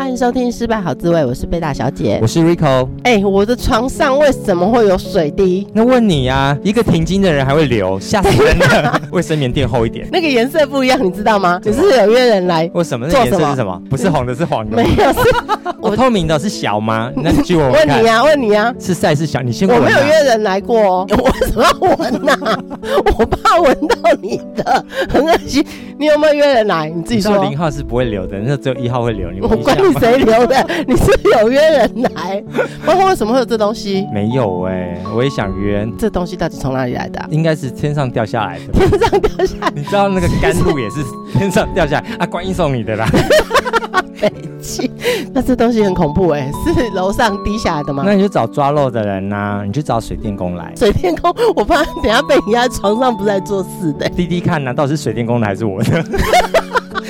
歡迎收聽失敗好滋味，我是貝大小姐，我是 Rico。哎、欸，我的床上為什麼會有水滴？那問你呀、啊，一個停經的人還會流，嚇死人了。衛 生棉墊厚一點。 那個顏色不一樣，你知道嗎？只啦是，是有約人來。為什麼？那顏、個、色是什麼？什麼不是紅的，是黃的、嗯。沒有，是我、 喔、透明的是小嗎？那就、個、 問你啊，問你啊，是還是小？你先、啊。我沒有約人來過、哦。 我怎麼聞啊？ 我怕聞到你的，很惡心。你有沒有約人來？你自己說、啊。零號是不會流的，那只有一號會流，你聞一下。我誰留的？你是，是有約人來？然後為什麼會有這東西？沒有哎、欸，我也想約。這東西到底從哪裡來的、啊？應該是天上掉下來的。天上掉下來？你知道那個甘露也是天上掉下來實啊？觀音送你的啦。 北京，那這東西很恐怖哎、欸，是樓上滴下來的嗎？那你就找抓漏的人吶、啊，你去找水電工來。水電工，我怕等下被人家床上，不是在做事的、欸。滴滴看、啊，到底是水電工的還是我的？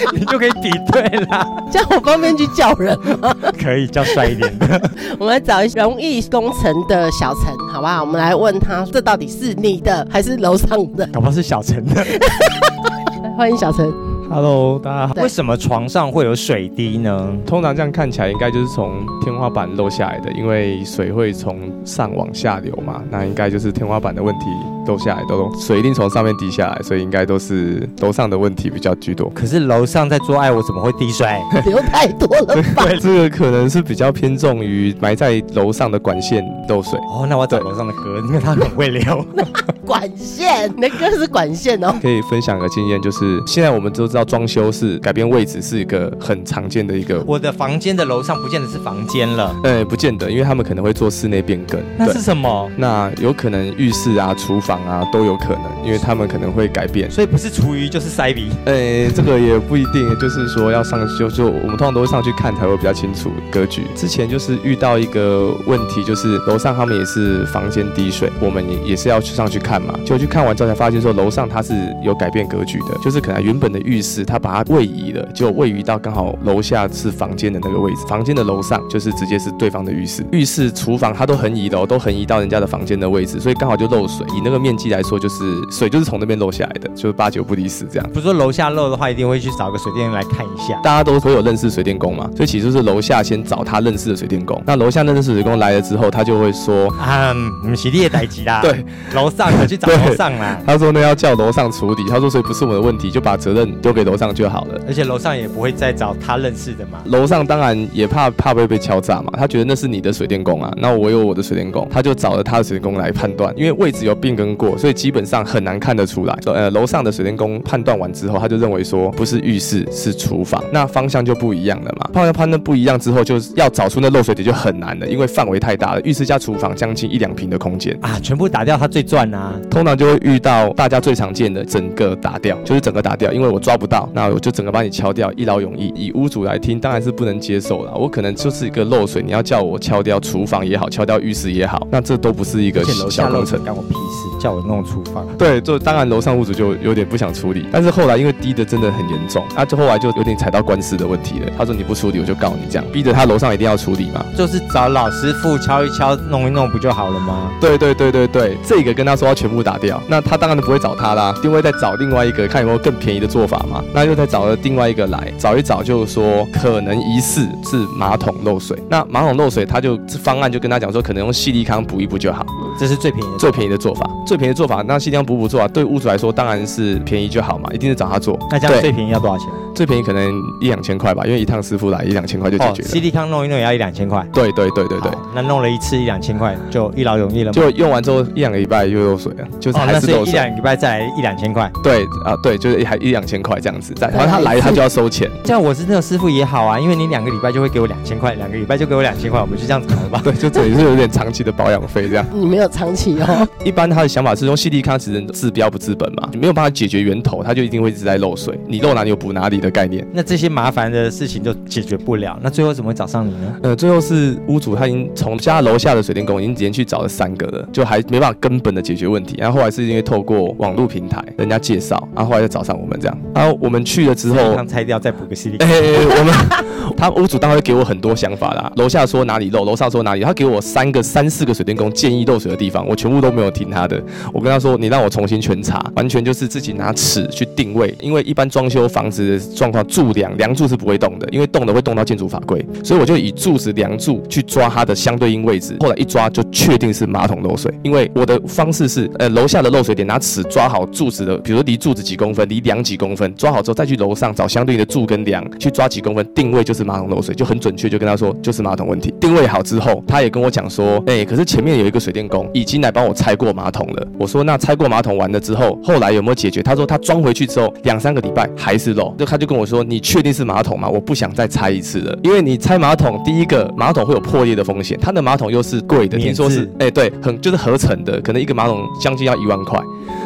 你就可以比對啦，這樣我方便去叫人嗎？ 可以叫帥一點的。 我們來找一些融意工程的小陳，好不好？我們來問他，這到底是你的還是樓上的？搞不好是小陳的 來。歡迎小陳。Hello，大家好。對為什麼床上會有水滴呢？通常這樣看起來，應該就是從天花板漏下來的，因為水會從上往下流嘛。那應該就是天花板的問題。都下來，都水一定從上面滴下來，所以應該都是樓上的問題比較居多。可是樓上在做愛，我怎麼會滴水？流太多了吧 對，這個可能是比較偏重於埋在樓上的管線漏水。哦，那我找樓上的哥，因為對他很會流 管線，那哥是管線哦。可以分享一個經驗，就是現在我們都知道裝修是改變位置，是一個很常見的一個。我的房間的樓上不見得是房間了。哎，不見得，因為他們可能會做室內變更。那是什麼？那有可能浴室啊，廚房。啊，都有可能，因為他們可能會改變，所以不是廚餘就是塞鼻。誒、哎，這個也不一定，就是說要上，就就我們通常都會上去看，才會比較清楚格局。之前就是遇到一個問題，就是樓上他們也是房間滴水，我們也也是要去上去看嘛，就去看完之後才發現說，樓上它是有改變格局的，就是可能原本的浴室他把它位移了，就位移到剛好樓下是房間的那個位置，房間的樓上就是直接是對方的浴室，浴室、廚房它都橫移了，都橫移到人家的房間的位置，所以剛好就漏水，以那個。面積來說，就是水就是從那邊漏下來的，就是八九不離十這樣。不是說樓下漏的話，一定會去找個水電工來看一下。大家都會有認識水電工嘛，所以其實是樓下先找他認識的水電工。那樓下那認識水電工來了之後，他就會說：“啊，是你水電也歹極啦。”對， 樓上可去找樓上啦。他說：“那要叫樓上處理。”他說：“所以不是我的問題，就把責任丟給樓上就好了。”而且樓上也不會再找他認識的嘛。樓上當然也怕怕會被敲詐嘛，他覺得那是你的水電工啊，那我有我的水電工，他就找了他的水電工來判斷，因為位置有變更。過，所以基本上很難看得出來。說，呃，樓上的水電工判斷完之後，他就認為說不是浴室是廚房，那方向就不一樣了嘛。判斷判斷不一樣之後，就是要找出那漏水點就很難了，因為範圍太大了，浴室加廚房將近一兩坪的空間啊，全部打掉它最賺吶、啊。通常就會遇到大家最常見的整個打掉，就是整個打掉，因為我抓不到，那我就整個把你敲掉，一勞永逸。以屋主來聽當然是不能接受了，我可能就是一個漏水，你要叫我敲掉廚房也好，敲掉浴室也好，那這都不是一個小工程。而且樓下漏水干我屁事。叫我弄廚房，對，就當然樓上屋主就有點不想處理，但是後來因為滴的真的很嚴重，他就後來就有點踩到官司的問題了。他說你不處理我就告你，這樣逼着他樓上一定要處理嘛。就是找老師傅敲一敲，弄一弄不就好了嗎？對對對對對，這個跟他說要全部打掉，那他當然都不會找他啦，因為再找另外一個看有沒有更便宜的做法嘛。那又再找了另外一個來找一找就，就是說可能疑似是馬桶漏水。那馬桶漏水，他就方案就跟他講說，可能用矽利康補一補就好了，這是最便宜最便宜的做法。最便宜的做法，那矽利康補補做啊？對屋主來說當然是便宜就好嘛，一定是找他做。那這樣最便宜要多少錢？對最便宜可能一兩千塊吧，因為一趟師傅來一兩千塊就解決了。矽利、哦、康弄一弄也要一兩千塊。對對對對對，那弄了一次一兩千塊就一勞永逸了嘛？就用完之後一兩個禮拜又有水了，就是還是、哦、一兩個禮拜再來一兩千塊。對啊，對，就是還一兩千塊這樣子，然後他來他就要收錢。這樣我是那個師傅也好啊，因為你兩個禮拜就會給我兩千塊，兩個禮拜就給我兩千塊，我們就這樣子搞吧。 對，就等於是有點長期的保養費這樣。你沒有長期哦， 一般他的想。想法是用矽利康其實治標不治本嘛，你沒有辦法解決源頭，它就一定會一直在漏水。你漏哪裡有補哪裡的概念，那這些麻煩的事情就解決不了。那最後怎麼會找上你呢？呃，最後是屋主他已經從家樓下的水電工已經連續找了三個了，就還沒辦法根本的解決問題。然後後來是因為透過網絡平台人家介紹，然後後來就找上我們這樣。然後我們去了之後，拆掉再補個矽利。我們他屋主當時給我很多想法啦，樓下說哪裡漏，樓上說哪裡，他給我三個三四個水電工建議漏水的地方，我全部都沒有聽他的。我跟他說：“你讓我重新全查，完全就是自己拿尺去定位，因為一般裝修房子的狀況，柱梁梁柱是不會動的，因為動了會動到建築法規。所以我就以柱子、梁柱去抓它的相對應位置。後來一抓就確定是馬桶漏水，因為我的方式是，呃，樓下的漏水點拿尺抓好柱子的，比如說離柱子幾公分，離梁幾公分，抓好之後再去樓上找相對應的柱跟梁去抓幾公分定位，就是馬桶漏水，就很準確。就跟他說就是馬桶問題。定位好之後，他也跟我講說，哎、欸，可是前面有一個水電工已經來幫我拆過馬桶了。”我說，那拆過馬桶完了之後，後來有沒有解決？他說他裝回去之後兩三個禮拜還是漏，就他就跟我說，你確定是馬桶嗎？我不想再拆一次了，因為你拆馬桶第一個馬桶會有破裂的風險，他的馬桶又是貴的，聽說是哎、欸、對，很就是合成的，可能一個馬桶將近要一萬塊。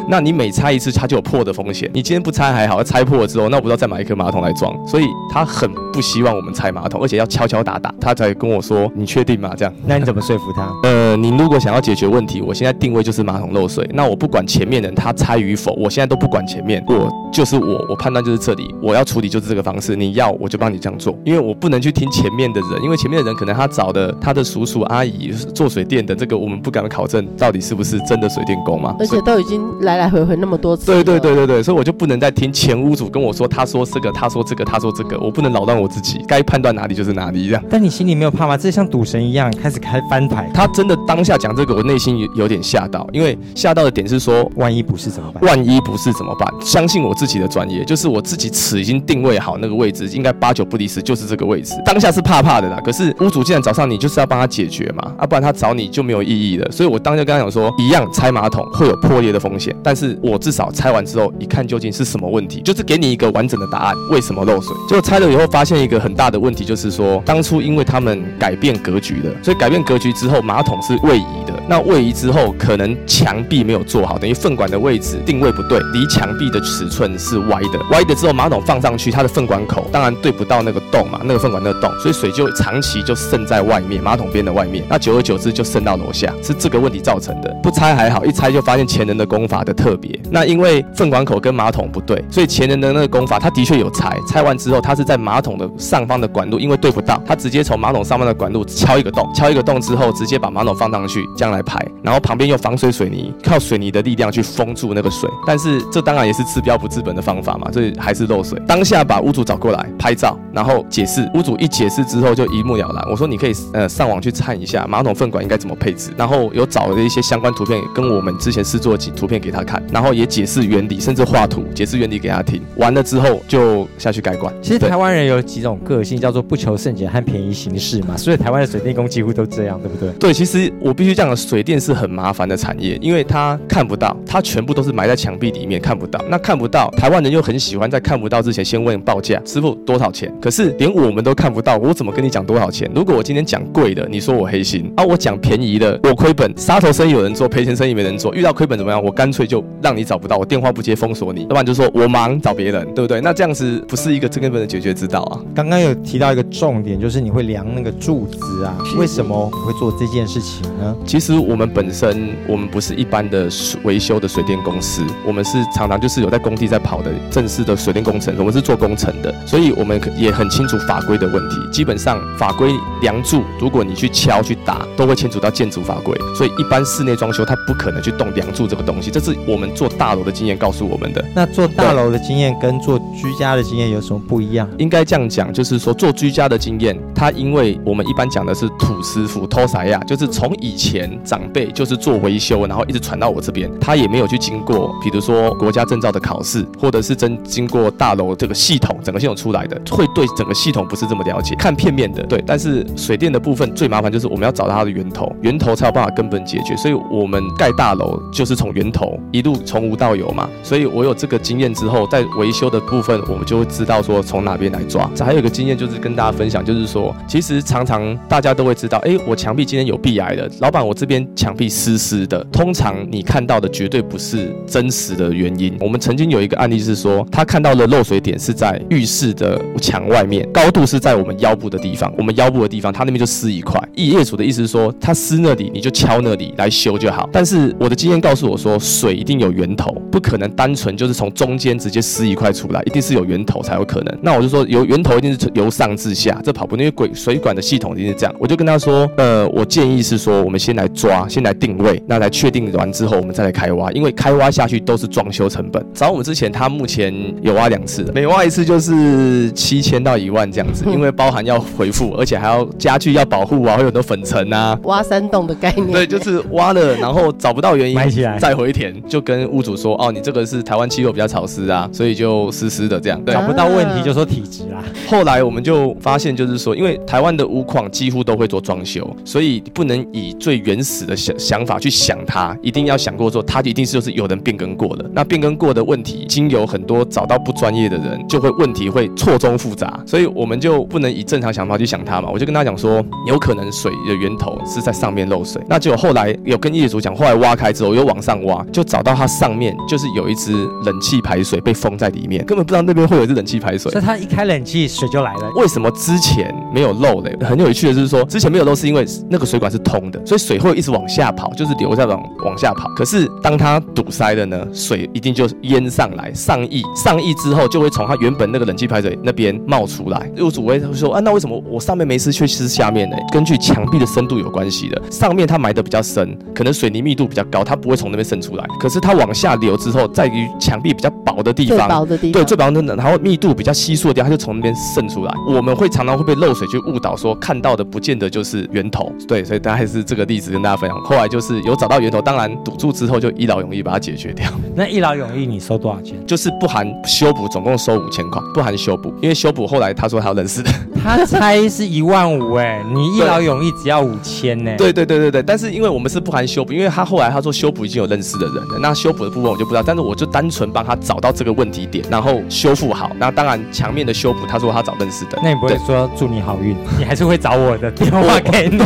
那你每拆一次，它就有破的風險。你今天不拆還好，要拆破了之後，那我不知道再買一顆馬桶來裝。所以他很不希望我們拆馬桶，而且要敲敲打打，他才跟我說：“你確定嗎？”這樣，那你怎麼說服他？ 呃，你如果想要解決問題，我現在定位就是馬桶漏水。那我不管前面人他拆與否，我現在都不管前面，我就是我，我判斷就是這裡，我要處理就是這個方式。你要我就幫你這樣做，因為我不能去聽前面的人，因為前面的人可能他找的他的叔叔阿姨做水電的，這個我們不敢考證到底是不是真的水電工嗎？而且都已經來。來來回回那麼多次，對對對對對，所以我就不能再聽前屋主跟我說，他說、這個，他說這個，他說這個，他說這個，我不能擾亂我自己，該判斷哪裡就是哪裡，這樣。但你心裡沒有怕嗎？這像賭神一樣開始開翻牌。他真的當下講這個，我內心有，有點嚇到，因為嚇到的點是說，萬一不是怎麼辦？萬一不是怎麼辦？相信我自己的專業，就是我自己尺已經定位好那個位置，應該八九不離十，就是這個位置。當下是怕怕的啦。可是屋主既然找上你就是要幫他解決嘛，啊，不然他找你就沒有意義了。所以我當下跟他講說，一樣拆馬桶會有破裂的風險。但是我至少拆完之後一看究竟是什麼問題，就是給你一個完整的答案，為什麼漏水。結果拆了以後發現一個很大的問題，就是說當初因為他們改變格局了，所以改變格局之後馬桶是位移的。那位移之後可能牆壁沒有做好，等於糞管的位置定位不對，離牆壁的尺寸是歪的。歪的之後馬桶放上去，它的糞管口當然對不到那個洞嘛，那個糞管那個洞，所以水就長期就滲在外面，馬桶邊的外面。那久而久之就滲到樓下，是這個問題造成的。不拆還好，一拆就發現前人的工法的。特別那因為糞管口跟馬桶不對，所以前人的那個工法，他的確有拆。拆完之後，他是在馬桶的上方的管路，因為對不到，他直接從馬桶上方的管路敲一個洞，敲一個洞之後，直接把馬桶放上去，這樣來排。然後旁邊用防水水泥，靠水泥的力量去封住那個水。但是這當然也是治標不治本的方法嘛，所以還是漏水。當下把屋主找過來拍照，然後解釋。屋主一解釋之後就一目了然。我說，你可以呃上網去看一下馬桶糞管應該怎麼配置，然後有找了一些相關圖片跟我們之前試做的幾圖片給他。看，然後也解釋原理，甚至畫圖解釋原理給他聽。完了之後就下去改管。其實台灣人有幾種個性，叫做不求甚解和便宜行事嘛。所以台灣的水電工幾乎都這樣，對不對？對，其實我必須講，水電是很麻煩的產業，因為它看不到，它全部都是埋在牆壁裡面看不到。那看不到，台灣人又很喜歡在看不到之前先問報價，師傅多少錢？可是連我們都看不到，我怎麼跟你講多少錢？如果我今天講貴的，你說我黑心；啊，我講便宜的，我虧本。殺頭生意有人做，賠錢生意沒人做。遇到虧本怎麼樣？我乾脆就。就讓你找不到我電話不接封鎖你，要不然就說我忙，找別人，對不對？那這樣子不是一個真根本的解決之道啊。剛剛有提到一個重點，就是你會量那個柱子啊，為什麼會做這件事情呢？其實我們本身，我們不是一般的維修的水電公司，我們是常常就是有在工地在跑的正式的水電工程，我們是做工程的，所以我們也很清楚法規的問題。基本上法規梁柱，如果你去敲去打，都會牽扯到建築法規，所以一般室內裝修它不可能去動梁柱這個東西，這是。我們做大樓的經驗告訴我們的，那做大樓的經驗跟做居家的經驗有什麼不一樣？應該這樣講，就是說做居家的經驗，他因為我們一般講的是土師傅，拖啥呀，就是從以前長輩就是做維修，然後一直傳到我這邊，他也沒有去經過，比如說國家證照的考試，或者是真經過大樓這個系統，整個系統出來的，會對整個系統不是這麼了解，看片面的，對。但是水電的部分最麻煩就是我們要找到它的源頭，源頭才有辦法根本解決。所以，我們蓋大樓就是從源頭。一路從無到有嘛，所以我有這個經驗之後，在維修的部分，我們就會知道說從哪邊來抓。這還有一個經驗就是跟大家分享，就是說，其實常常大家都會知道，哎，我牆壁今天有壁癌了，老板，我這邊牆壁濕濕的。通常你看到的絕對不是真實的原因。我們曾經有一個案例是說，他看到的漏水點是在浴室的牆外面，高度是在我們腰部的地方，我們腰部的地方，他那邊就濕一塊。業業主的意思是說，他濕那裡，你就敲那裡來修就好。但是我的經驗告訴我說，水。一定有源頭，不可能單純就是從中間直接撕一塊出來，一定是有源頭才有可能。那我就說由源頭一定是從由上至下。這跑步因為管水管的系統一定是這樣。我就跟他說，呃，我建議是說我們先來抓，先來定位，那來確定完之後，我們再來開挖。因為開挖下去都是裝修成本。找我們之前，他目前有挖兩次，每挖一次就是七千到一萬這樣子，因為包含要恢復， 而且還要家具要保護啊，會有很多粉塵啊。挖山洞的概念。對，就是挖了，然後找不到原因，再回填。就跟屋主說哦，你這個是台灣氣候比較潮濕啊，所以就濕濕的這樣，對，找不到問題就說體質啦、啊。後來我們就發現，就是說，因為台灣的屋況幾乎都會做裝修，所以不能以最原始的想想法去想它，一定要想過說它一定就是有人變更過的。那變更過的問題，經由很多找到不專業的人，就會問題會錯綜複雜，所以我們就不能以正常想法去想它嘛。我就跟他講說，有可能水的源頭是在上面漏水。那就後來有跟業主講，後來挖開之後又往上挖，就找。找到它上面就是有一隻冷氣排水，被封在裡面，根本不知道那邊會有一隻冷氣排水。所以它一開冷氣，水就來了，為什麼之前沒有漏嘞？很有趣的就是說，之前沒有漏是因為那個水管是通的，所以水會一直往下跑，就是流在往往下跑。可是當它堵塞了呢，水一定就淹上來，上溢上溢之後就會從它原本那個冷氣排水那邊冒出來。業主會說啊，那為什麼我上面沒濕，卻濕下面呢？根據牆壁的深度有關係的，上面它埋的比較深，可能水泥密度比較高，它不會從那邊滲出來。可是它往下流之後，在於牆壁比較薄的地方，對，最薄的地方，對，最薄的地方，然後密度比較稀疏掉，它就從那邊滲出來。我們會常常會被漏水去誤導，說看到的不見得就是源頭。對，所以大家還是這個例子跟大家分享。後來就是有找到源頭，當然堵住之後就一勞永逸把它解決掉。那一勞永逸你收多少錢？就是不含修補，總共收五千塊，不含修補，因為修補後來他說他要認識的。他猜是一萬五哎、欸，你一勞永逸只要五千呢？對對對對對，但是因為我們是不含修補，因為他後來他說修補已經有認識的人了，那修補的部分我就不知道，但是我就單純幫他找到這個問題點，然後修復好。那當然牆面的修補，他說他找認識的。那你不會說對祝你好運，你還是會找我的電話給你。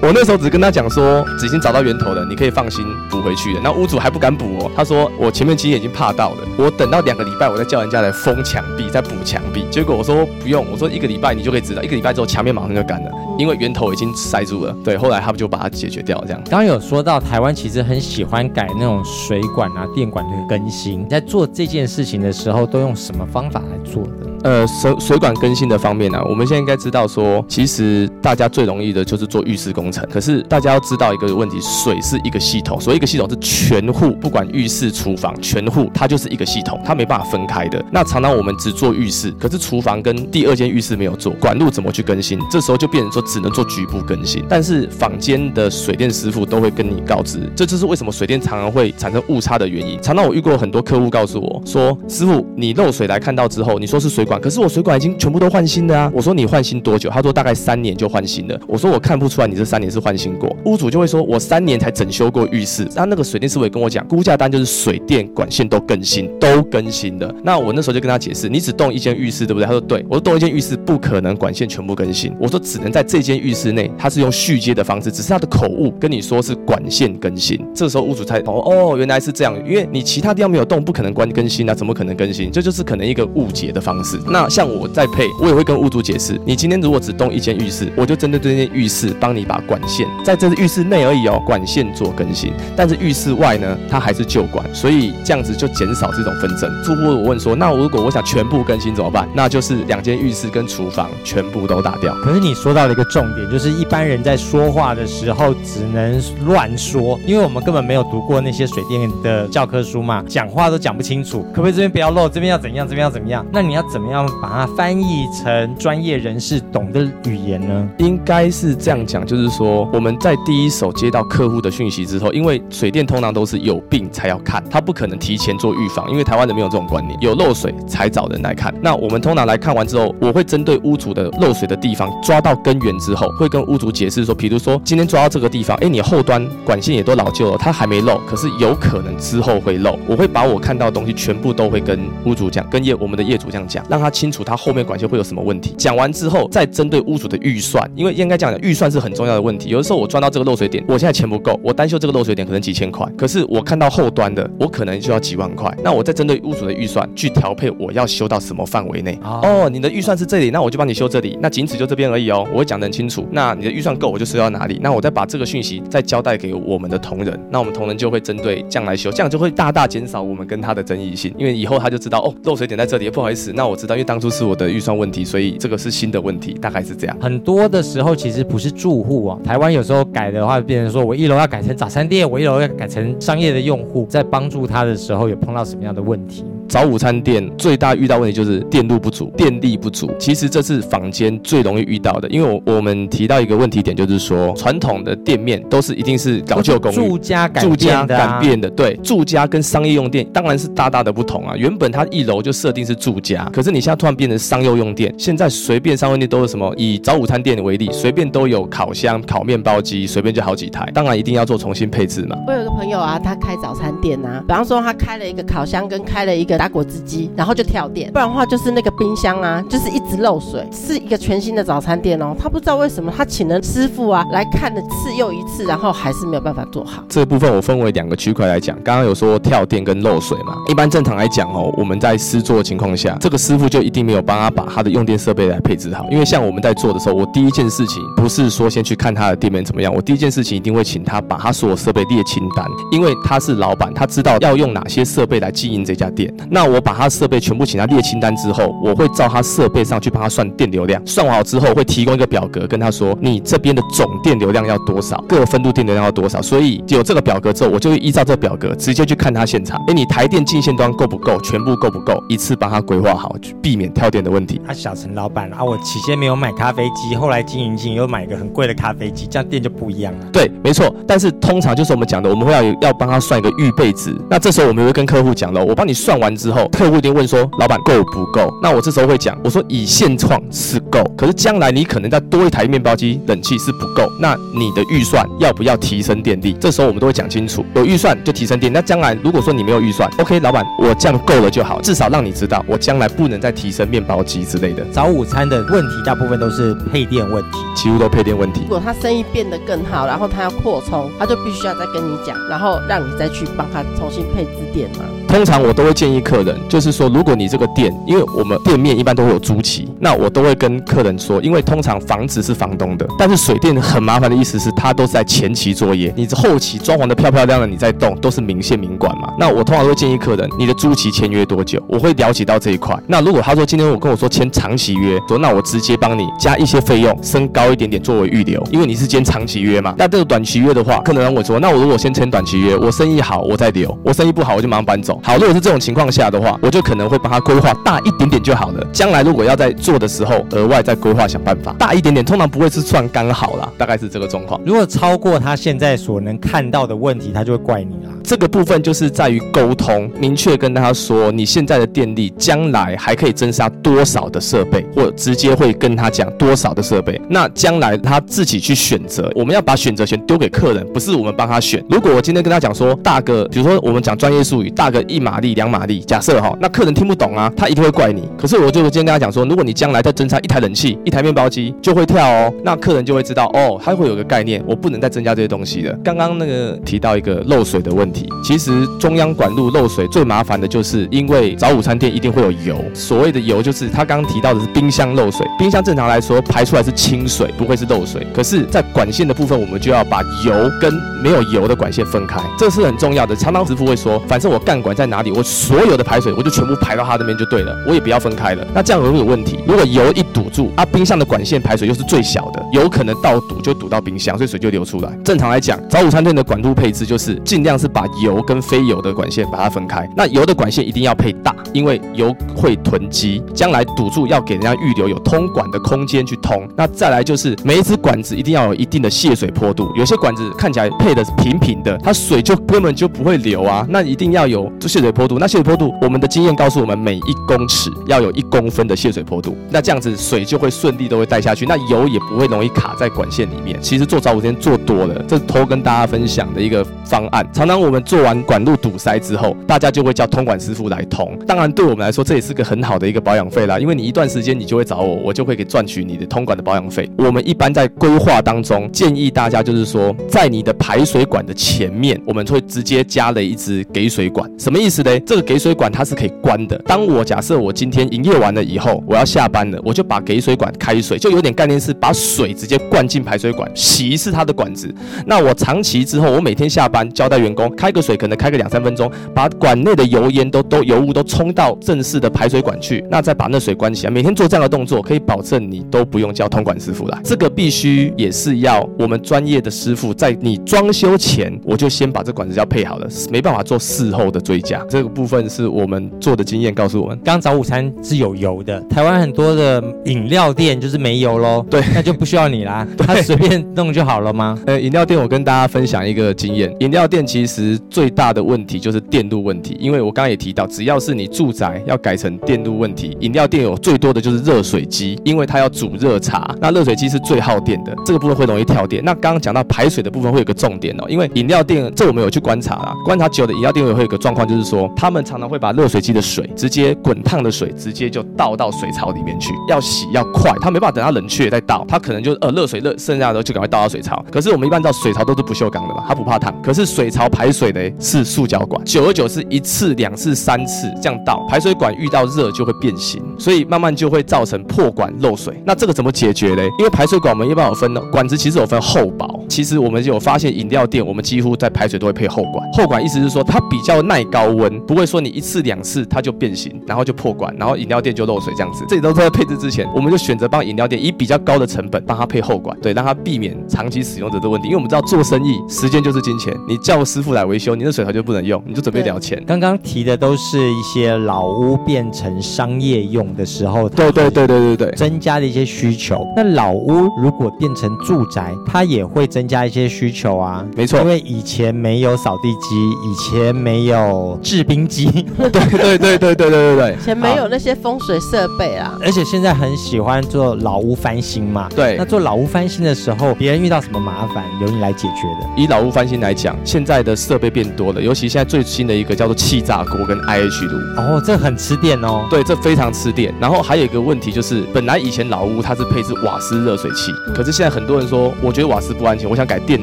我，我那時候只跟他講說，只已經找到源頭了，你可以放心補回去的。那屋主還不敢補哦，他說我前面其實已經怕到了，我等到兩個禮拜，我再叫人家來封牆壁、再補牆壁。結果我說不用，我說一個禮拜你就可以。一個禮拜之後，牆面馬上就乾了，因為源頭已經塞住了。對，後來他們就把它解決掉。這樣，剛剛有說到台灣其實很喜歡改那種水管啊、電管的更新，在做這件事情的時候，都用什麼方法來做的？呃，水水管更新的方面呢，我們現在應該知道說，其實大家最容易的就是做浴室工程。可是大家要知道一個問題，水是一個系統，所以一個系統是全戶，不管浴室、廚房，全戶它就是一個系統，它沒辦法分開的。那常常我們只做浴室，可是廚房跟第二間浴室沒有做，管路怎麼去更新？這時候就變成說只能做局部更新。但是坊間的水電師傅都會跟你告知，這就是為什麼水電常常會產生誤差的原因。常常我遇過很多客戶告訴我說，師傅，你漏水來看到之後，你說是水管。可是我水管已經全部都換新的啊！我說你換新多久？他說大概三年就換新的。我說我看不出來你這三年是換新過。屋主就會說，我三年才整修過浴室啊。他那個水電師傅也跟我講，估價單就是水電管線都更新，都更新的。那我那時候就跟他解釋，你只動一間浴室對不對？他說對。我說，動一間浴室不可能管線全部更新。我說只能在這間浴室內，他是用續接的方式，只是他的口誤跟你說是管線更新。這時候屋主才哦，原來是這樣，因為你其他地方沒有動，不可能關更新啊，怎麼可能更新？這就是可能一個誤解的方式。那像我再配，我也會跟屋主解釋，你今天如果只動一間浴室，我就針對這間浴室幫你把管線在這浴室內而已哦，管線做更新，但是浴室外呢，它還是舊管，所以這樣子就減少這種紛爭。住戶我問說，那我如果我想全部更新怎麼辦？那就是兩間浴室跟廚房全部都打掉。可是你說到了一個重點，就是一般人在說話的時候只能亂說，因為我們根本沒有讀過那些水電的教科書嘛，講話都講不清楚。可不可以這邊不要漏？這邊要怎樣？這邊要怎麼樣？那你要怎樣？怎樣把它翻譯成專業人士懂的語言呢？應該是這樣講，就是說我們在第一手接到客戶的訊息之後，因為水電通常都是有病才要看，他不可能提前做預防，因為台灣人沒有這種觀念，有漏水才找人來看。那我們通常來看完之後，我會針對屋主的漏水的地方抓到根源之後，會跟屋主解釋說，比如說今天抓到這個地方，哎，你後端管線也都老舊了，它還沒漏，可是有可能之後會漏。我會把我看到的東西全部都會跟屋主講，跟業我們的業主這樣講。讓他清楚他後面管線會有什麼問題。講完之後，再針對屋主的預算，因為應該講的預算是很重要的問題。有的時候我鑽到這個漏水點，我現在錢不夠，我單修這個漏水點可能幾千塊，可是我看到後端的，我可能就要幾萬塊。那我再針對屋主的預算去調配，我要修到什麼範圍內？哦，你的預算是這裡，那我就幫你修這裡。那僅止就這邊而已哦，我會講得很清楚。那你的預算夠，我就修到哪裡？那我再把這個訊息再交代給我們的同仁，那我們同仁就會針對這樣來修，這樣就會大大減少我們跟他的爭議性，因為以後他就知道哦，漏水點在這裡，不好意思，那我。因為當初是我的預算問題，所以這個是新的問題，大概是這樣。很多的時候其實不是住戶啊，台灣有時候改的話，變成說我一樓要改成早餐店，我一樓要改成商業的用戶，在幫助他的時候，有碰到什麼樣的問題？早午餐店最大遇到問題就是電路不足，電力不足。其實這是坊間最容易遇到的，因為我我們提到一個問題點，就是說傳統的店面都是一定是老舊公寓、住家改變的，啊、住家改變的。對，住家跟商業用電當然是大大的不同啊。原本它一樓就設定是住家，可是你現在突然變成商用用電，現在隨便商業用店都是什麼？以早午餐店為例，隨便都有烤箱、烤麵包機，隨便就好幾台。當然一定要做重新配置嘛。我有一個朋友啊，他開早餐店啊，比方說他開了一個烤箱跟開了一個。打果汁機，然後就跳電，不然的話就是那個冰箱啊，就是一直漏水，是一個全新的早餐店哦。他不知道為什麼，他請了師傅啊來看了次又一次，然後還是沒有辦法做好。這部分我分為兩個區塊來講，剛剛有說跳電跟漏水嘛。一般正常來講哦，我們在施作的情況下，這個師傅就一定沒有幫他把他的用電設備來配置好，因為像我們在做的時候，我第一件事情不是說先去看他的店面怎麼樣，我第一件事情一定會請他把他所有設備列清單，因為他是老闆，他知道要用哪些設備來經營這家店。那我把他設備全部請他列清單之後，我會照他設備上去幫他算電流量，算完好之後我會提供一個表格跟他說，你這邊的總電流量要多少，各分路電流量要多少。所以有這個表格之後，我就會依照這個表格直接去看他現場，哎、欸，你台電進線端夠不夠，全部夠不夠，一次幫他規劃好，去避免跳電的問題。啊小、小陳老闆啊，我起先沒有買咖啡機，後來經營經營又買一個很貴的咖啡機，這樣電就不一樣了。對，沒錯。但是通常就是我們講的，我們會要要幫他算一個預備值。那這時候我們會跟客戶講了，我幫你算完。之後，客戶一定問說：“老闆夠不夠？”那我這時候會講，我說以現狀是夠，可是將來你可能再多一台麵包機、冷氣是不夠。那你的預算要不要提升電力？這時候我們都會講清楚，有預算就提升電。那將來如果說你沒有預算，OK，老闆，我這樣夠了就好，至少讓你知道我將來不能再提升麵包機之類的。早午餐的問題大部分都是配電問題，幾乎都配電問題。如果他生意變得更好，然後他要擴充，他就必須要再跟你講，然後讓你再去幫他重新配置電嘛。通常我都會建議。客人就是說，如果你這個店，因為我們店面一般都會有租期，那我都會跟客人說，因為通常房子是房東的，但是水電很麻煩的意思是，他都是在前期作業，你後期裝潢的漂漂亮亮的，你在動都是明線明管嘛。那我通常會建議客人，你的租期簽約多久？我會了解到這一塊。那如果他說今天我跟我說簽長期約，說那我直接幫你加一些費用，升高一點點作為預留，因為你是簽長期約嘛。那這個短期約的話，客人讓我說，那我如果先簽短期約，我生意好我再留，我生意不好我就馬上搬走。好，如果是這種情況。下的話，我就可能會把它規劃大一點點就好了。將來如果要在做的時候，額外再規劃想辦法大一點點，通常不會是算剛好啦，大概是這個狀況。如果超過他現在所能看到的問題，他就會怪你了。這個部分就是在於溝通，明確跟他說你現在的電力將來還可以增加多少的設備，或者直接會跟他講多少的設備。那將來他自己去選擇，我們要把選擇權丟給客人，不是我們幫他選。如果我今天跟他講說，大哥，比如說我們講專業術語，大哥一馬力、兩馬力，假設哈，那客人聽不懂啊，他一定會怪你。可是我就今天跟他講說，如果你將來再增加一台冷氣、一台面包機，就會跳哦，那客人就會知道哦，他會有個概念，我不能再增加這些東西了。剛剛那個提到一個漏水的問題。其實中央管路漏水最麻煩的就是，因為早午餐店一定會有油。所謂的油，就是他剛剛提到的是冰箱漏水。冰箱正常來說排出來是清水，不會是漏水。可是，在管線的部分，我們就要把油跟沒有油的管線分開，這是很重要的。常常師傅會說，反正我幹管在哪裡，我所有的排水我就全部排到他那邊就對了，我也不要分開了。那這樣容易有問題。如果油一堵住啊，冰箱的管線排水又是最小的，有可能倒堵就堵到冰箱，所以水就流出來。正常來講，早午餐店的管路配置就是儘量是把。油跟非油的管線把它分開，那油的管線一定要配大，因為油會囤積，將來堵住要給人家預留有通管的空間去通。那再來就是每一只管子一定要有一定的泄水坡度，有些管子看起來配的平平的，它水就根本就不會流啊。那一定要有泄水坡度，那泄水坡度我們的經驗告訴我們，每一公尺要有一公分的泄水坡度，那這樣子水就會順利都會帶下去，那油也不會容易卡在管線裡面。其實做早午餐做多了，這是偷跟大家分享的一個方案。常常我們。做完管路堵塞之後，大家就會叫通管師傅來通。當然，對我們來說這也是個很好的一個保養費啦。因為你一段時間你就會找我，我就會給賺取你的通管的保養費。我們一般在規劃當中建議大家，就是說在你的排水管的前面，我們會直接加了一支給水管。什麼意思嘞？這個給水管它是可以關的。當我假設我今天營業完了以後，我要下班了，我就把給水管開水，就有點概念是把水直接灌進排水管，洗一次它的管子。那我長期之後，我每天下班交代員工。開個水可能開個兩三分鐘，把管內的油煙都都油污，都衝到正式的排水管去，那再把那水關起來。每天做這樣的動作，可以保證你都不用叫通管師傅啦。這個必須也是要我們專業的師傅在你裝修前，我就先把這管子要配好了，沒辦法做事後的追加。這個部分是我們做的經驗告訴我們，我們剛早午餐是有油的，台灣很多的飲料店就是沒油嘍。對，那就不需要你啦，對他隨便弄就好了嗎？呃，飲料店我跟大家分享一個經驗，飲料店其實。最大的問題就是電路問題，因為我剛剛也提到，只要是你住宅要改成電路問題，飲料店有最多的就是熱水機，因為它要煮熱茶，那熱水機是最耗電的，這個部分會容易跳電。那剛剛講到排水的部分會有一個重點哦，因為飲料店這我們有去觀察啊，觀察久的飲料店也會有一個狀況，就是說他們常常會把熱水機的水，直接滾燙的水直接就倒到水槽裡面去，要洗要快，他沒辦法等它冷卻再倒，他可能就呃熱水熱剩下的時候就趕快倒到水槽。可是我們一般知道水槽都是不鏽鋼的嘛，它不怕燙，可是水槽排水。是塑膠管，久而久之一次兩次三次這樣倒，排水管遇到熱就會變形，所以慢慢就會造成破管漏水。那這個怎麼解決嘞？因為排水管我們一般有分呢，管子其實有分厚薄。其實我們就有發現飲料店，我們幾乎在排水都會配厚管。厚管意思是說它比較耐高溫，不會說你一次兩次它就變形，然後就破管，然後飲料店就漏水這樣子。這裡都在配置之前，我們就選擇幫飲料店以比較高的成本幫它配厚管，對，讓它避免長期使用者的問題。因為我們知道做生意時間就是金錢，你叫師傅來維修，你的水槽就不能用，你就準備聊錢。剛剛提的都是一些老屋變成商業用的時候，對對對對對對，增加的一些需求。那老屋如果變成住宅，它也會增加一些需求啊，沒錯，因為以前沒有掃地機，以前沒有制冰機，對對對對對對對對，以前沒有那些風水設備啊。而且現在很喜歡做老屋翻新嘛，對。那做老屋翻新的時候，別人遇到什麼麻煩，由你來解決的。以老屋翻新來講，現在的設設備變多了，尤其現在最新的一個叫做氣炸鍋跟 IH 爐。哦，這很吃電哦。對，這非常吃電。然後還有一個問題就是，本來以前老屋它是配置瓦斯熱水器，可是現在很多人說，我覺得瓦斯不安全，我想改電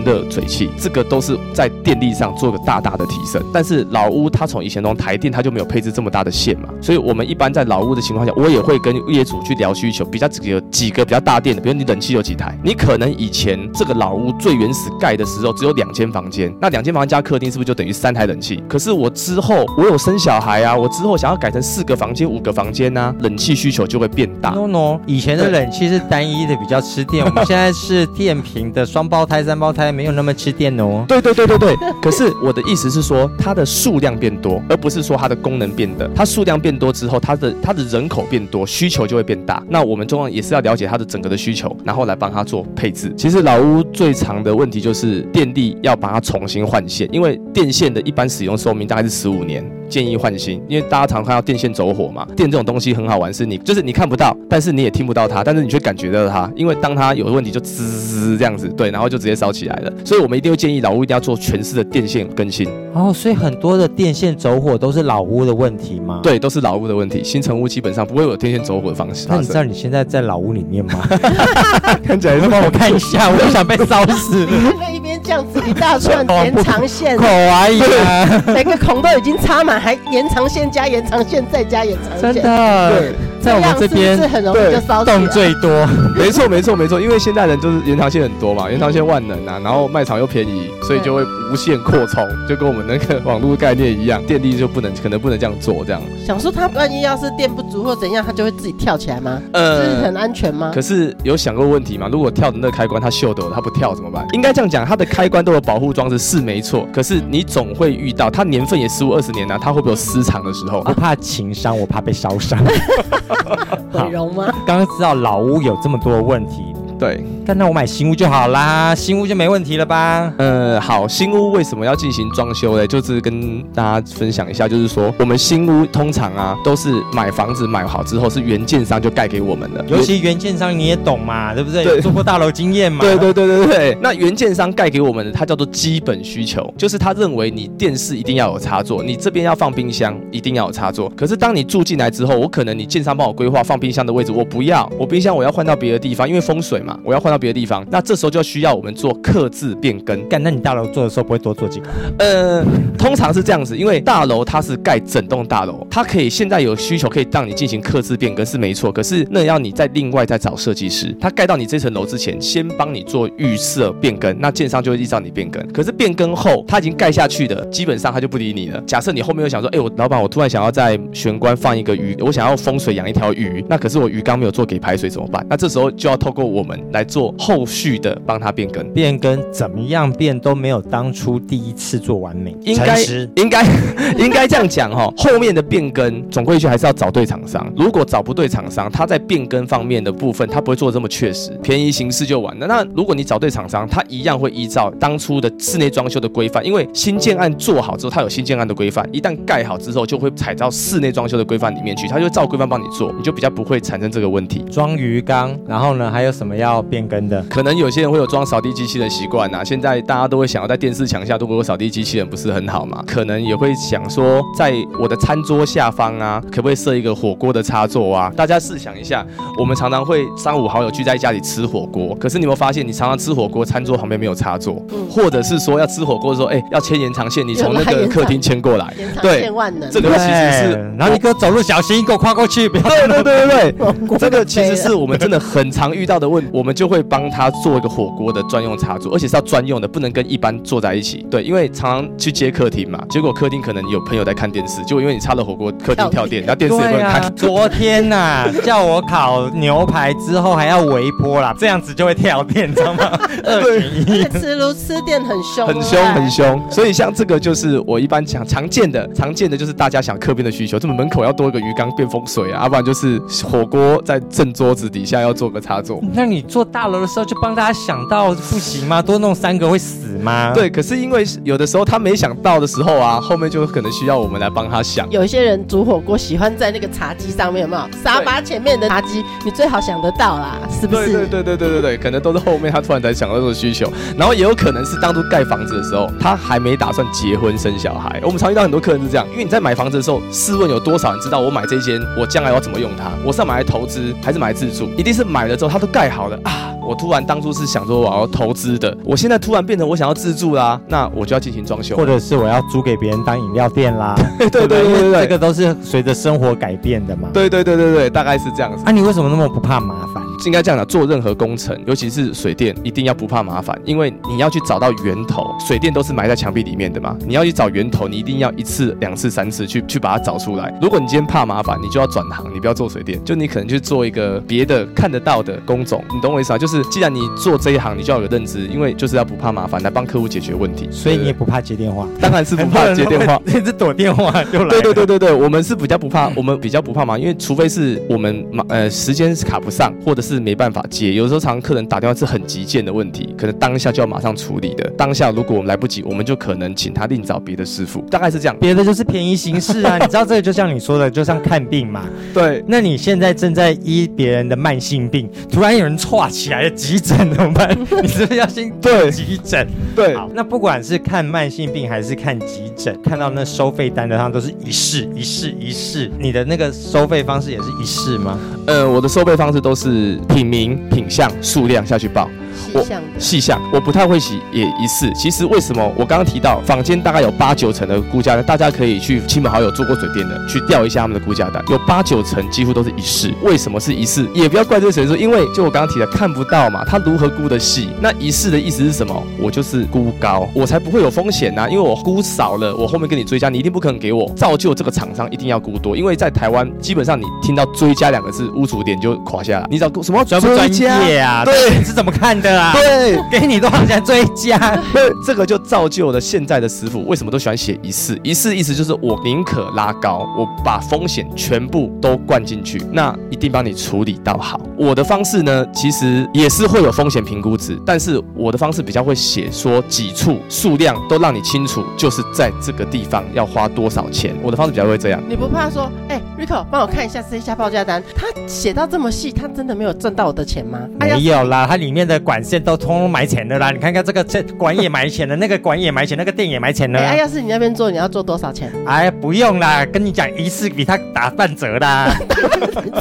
熱水器。這個都是在電力上做個大大的提升。但是老屋它從以前裝台電，它就沒有配置這麼大的線嘛。所以，我們一般在老屋的情況下，我也會跟業主去聊需求，比較幾個幾個比較大電的，比如你冷氣有幾台，你可能以前這個老屋最原始蓋的時候只有兩間房間，那兩間房間加客。是不是就等於三台冷氣？可是我之後我有生小孩啊，我之後想要改成四個房間、五個房間啊，冷氣需求就會變大。No no，以前的冷氣是單一的，比較吃電。對我們現在是電瓶的雙胞胎、三胞胎，沒有那麼吃電哦。對對對對對。可是我的意思是說，它的數量變多，而不是說它的功能變得。它數量變多之後，它的它的人口變多，需求就會變大。那我們中央也是要了解它的整個的需求，然後來幫它做配置。其實老屋最常的問題就是電力要把它重新換線，因為，電線的一般使用壽命大概是十五年，建議換新，因為大家常常看到電線走火嘛。電這種東西很好玩，是你就是你看不到，但是你也聽不到它，但是你卻感覺到它，因為當它有問題就滋滋這樣子，對，然後就直接燒起來了。所以我們一定會建議老屋一定要做全室的電線更新。哦，所以很多的電線走火都是老屋的問題嗎？對，都是老屋的問題，新成屋基本上不會有電線走火的方式。那你知道你現在在老屋裡面嗎？ 看起來，幫我看一下，我都想被燒死。 這樣子一大串延長線，好玩呀！每個孔都已經插滿，還延長線加延長線再加延長線，真的。對 在我們這邊是，是很容易就燒洞對 最多，沒錯沒錯沒錯， 因為現代人就是延長線很多嘛，延長線萬能啊，然後賣場又便宜。嗯嗯。所以就會無限擴充，就跟我們那個網絡概念一樣，電力就不能可能不能這樣做，這樣想說它萬一要是電不足或怎樣，它就會自己跳起來嗎？呃、是，是很安全嗎？可是有想過問題嗎？如果跳的那個開關它秀逗了，它不跳怎麼辦？應該這樣講，它的開關都有保護裝置，是沒錯。可是你總會遇到，它年份也十五二十年了，啊，它會不會有失常的時候？啊、我怕情傷，我怕被燒傷。 好毀容嗎？剛剛知道老屋有這麼多問題，對。但那我買新屋就好啦，新屋就沒問題了吧？嗯，好，新屋為什麼要進行裝修呢？就是跟大家分享一下，就是說我們新屋通常啊都是買房子買好之後是原建商就蓋給我們的，尤其原建商你也懂嘛，我對，對不對？做過大樓經驗嘛。對對對對對。那原建商蓋給我們的，它叫做基本需求，就是他認為你電視一定要有插座，你這邊要放冰箱一定要有插座。可是當你住進來之後，我可能你建商幫我規劃放冰箱的位置，我不要，我冰箱我要換到別的地方，因為風水嘛，我要換。到別的地方，那這時候就需要我們做客製變更。但那你大樓做的時候不會多做幾個？呃，通常是這樣子，因為大樓它是蓋整棟大樓，它可以現在有需求可以讓你進行客製變更是沒錯，可是那要你在另外再找設計師，他蓋到你這層樓之前先幫你做預設變更，那建商就會依照你變更。可是變更後他已經蓋下去的，基本上他就不理你了。假設你後面又想說，哎、欸，我老板我突然想要在玄關放一個魚，我想要風水養一條魚，那可是我魚缸沒有做給排水怎麼辦？那這時候就要透過我們來做。後續的幫他變更，變更怎麼樣變都沒有當初第一次做完美。應該實應該應該這樣講哈、哦， 後面的變更總歸去還是要找對廠商。如果找不對廠商，他在變更方面的部分，他不會做得這麼確實，便宜行事就完了。那如果你找對廠商，他一樣會依照當初的室內裝修的規範，因為新建案做好之後，它有新建案的規範，一旦蓋好之後，就會踩到室內裝修的規範裡面去，他就會照規範幫你做，你就比較不會產生這個問題。裝魚缸，然後呢，還有什麼要變更？真的，可能有些人會有裝掃地機器人的習慣啊，現在大家都會想要在電視牆下多一個掃地機器人，不是很好嗎？可能也會想說，在我的餐桌下方啊，可不可以設一個火鍋的插座啊？大家試想一下，我們常常會三五好友聚在家裡吃火鍋，可是你有沒有發現，你常常吃火鍋，餐桌旁邊沒有插座，嗯、或者是說要吃火鍋的時候，哎、欸，要牽延長線，你從那個客廳牽過來。來，對，這個其實是然後你給我走路小心，給我跨過去，不要對對對對，對對對對 這個其實是我們真的很常遇到的問題， 我們就會。幫他做一個火鍋的專用插座，而且是要專用的，不能跟一般坐在一起。對，因為常常去接客廳嘛，結果客廳可能有朋友在看電視，就因為你插了火鍋，客廳跳電，然後跳 電視也不能看，啊。昨天吶，啊， 叫我烤牛排之後還要微波啦， 這樣子就會跳電，知道嗎？ 對，電磁爐吃電很，很兇，很兇，很兇。所以像這個就是我一般講常見的，常見的就是大家想客變的需求，這麼門口要多一個魚缸變風水啊？要，啊，不然就是火鍋在正桌子底下要做個插座。那你做大？有的時候就幫大家想到不行嗎？多弄三個會死嗎？對，可是因為有的時候他沒想到的時候啊，後面就可能需要我們來幫他想。有一些人煮火鍋喜歡在那個茶幾上面嘛，沙發前面的茶幾，對你最好想得到啦，是不是？對對對對對對，可能都是後面他突然才想到這種需求，然後也有可能是當初蓋房子的時候，他還沒打算結婚生小孩。我們常遇到很多客人是這樣，因為你在買房子的時候，試問有多少人知道我買這間，我將來我要怎麼用它？我是要買來投資，還是買來自住？一定是買了之後，他都蓋好了啊。我突然當初是想說我要投資的，我現在突然變成我想要自住啦，那我就要進行裝修，或者是我要租給別人當飲料店啦。對對對，這個都是隨着生活改變的嘛。對對對對對，大概是這樣子。啊，你為什麼那麼不怕麻煩？應該這樣講，做任何工程，尤其是水電，一定要不怕麻煩，因為你要去找到源頭。水電都是埋在牆壁裡面的嘛，你要去找源頭，你一定要一次、兩次、三次去去把它找出來。如果你今天怕麻煩，你就要轉行，你不要做水電，就你可能去做一個別的看得到的工種。你懂我意思啊？就是既然你做這一行，你就要有認知，因為就是要不怕麻煩，來幫客戶解決問題。對對對。所以你也不怕接電話？當然是不怕接電話，一直 躲電話又來。對對對對對，我們是比較不怕，我們比較不怕麻煩，因為除非是我們呃，時間是卡不上，或者是。是沒辦法接，有時候常，常客人打電話是很急件的問題，可能當下就要馬上處理的。當下如果我們來不及，我們就可能請他另找別的師傅，大概是這樣。別的就是便宜行事啊， 你知道這個就像你說的，就像看病嘛。對，那你現在正在醫別人的慢性病，突然有人歘起來急診怎麼辦？ 你是不是要先對急診？對，好那不管是看慢性病還是看急診，看到那收費單的上都是一試一試一試，你的那個收費方式也是一試嗎？呃，我的收費方式都是。品名、品項、數量下去報。細我細項，我不太會寫也一式。其實為什麼我剛剛提到，坊間大概有八九成的估價呢？大家可以去親朋好友做過水電的，去調一下他們的估價單，有八九成幾乎都是一式。為什麼是一式？也不要怪這些人說，因為就我剛剛提的看不到嘛，他如何估的細？那一式的意思是什麼？我就是估高，我才不會有風險呢、啊，因為我估少了，我後面跟你追加，你一定不肯給我，造就這個廠商一定要估多。因為在台灣，基本上你聽到追加兩個字，屋主點就垮下了。你找估什麼追加專不專業啊？對，是怎麼看？ 對啊，對，給你多少錢追加？ 這個就造就了現在的師傅為什麼都喜歡寫一式？一式意思就是我寧可拉高，我把風險全部都灌進去，那一定幫你處理到好。我的方式呢，其實也是會有風險評估值，但是我的方式比較會寫說幾處數量都讓你清楚，就是在這個地方要花多少錢。我的方式比較會這樣，你不怕說，哎、欸？幫我看一下試一下報價單，他寫到這麼細，他真的沒有賺到我的錢嗎？啊、沒有啦，他裡面的管線都通通埋錢的啦，嗯、你看看這個這管也埋錢的，那個管也埋錢，那個店也埋錢了。哎、欸啊，要是你那邊做，你要做多少錢？哎不用啦，跟你講一次給他打半折啦，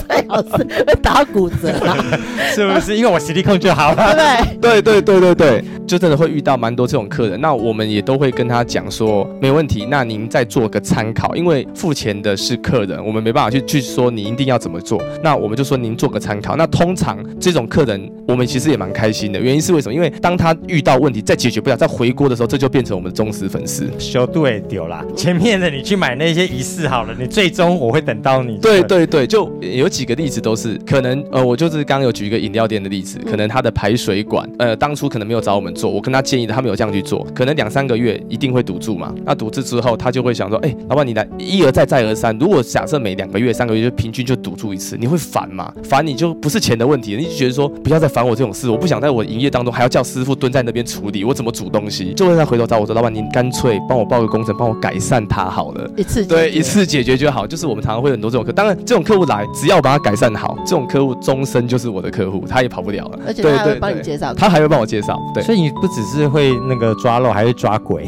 最好是會打骨折啦， 是不是？因為我實力控就好了。 對對對對對對，就真的會遇到蠻多這種客人，那我們也都會跟他講說，沒問題，那您再做個參考，因為付錢的是客人，我們沒。沒辦法去去說你一定要怎麼做，那我們就說您做個參考。那通常這種客人，我們其實也蠻開心的，原因是為什麼？因為當他遇到問題再解決不了再回鍋的時候，這就變成我們的忠實粉絲。小度也丟啦，前面的你去買那些儀式好了，你最終我會等到你。對對對，就有幾個例子都是可能，呃，我就是剛剛有舉一個飲料店的例子，可能他的排水管，呃，當初可能沒有找我們做，我跟他建議，他沒有這樣去做，可能兩三個月一定會堵住嘛。那堵住之後，他就會想說，哎、欸，老闆，你來一而再再而三。如果假設每。兩個月、三個月就平均就堵住一次，你會煩嗎？煩，你就不是錢的問題，你就覺得說不要再煩我這種事，我不想在我營業當中還要叫師傅蹲在那邊處理，我怎麼煮東西？就會再回頭找我說：“老闆，您乾脆幫我報個工程，幫我改善它好了。”一次對，一次解決就好。就是我們常常會很多這種客，當然這種客戶來，只要把他改善好，這種客戶終身就是我的客戶，他也跑不了了。而且他還會幫你介紹，他還會幫我介紹。對，所以你不只是會那個抓漏，還會抓鬼。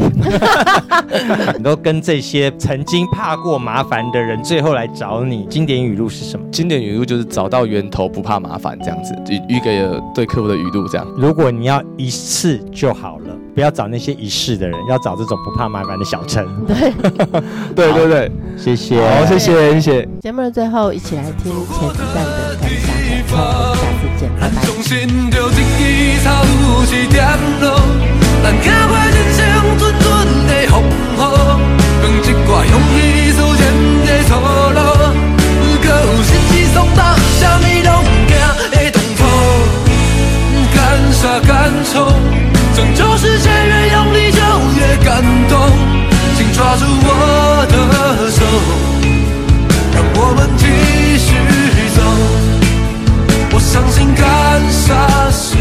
你都跟這些曾經怕過麻煩的人，最後來。找你經典語錄是什麼？經典語錄就是找到源頭不怕麻煩這樣子，預給對客戶的語錄這樣。如果你要一次就好了，不要找那些一世的人，要找這種不怕麻煩的小陳、嗯。對， 對好對對，謝謝，好，好對謝謝，謝謝。節目的最後一起來聽茄子蛋的《敢想敢做》下次見，拜拜拜拜。用一掛勇氣，走前的出路，可有心之送膽，啥物不怕的痛魄，敢傻敢衝，拯救世界越用力就越感動，請抓住我的手，讓我們繼續走，我相信敢傻。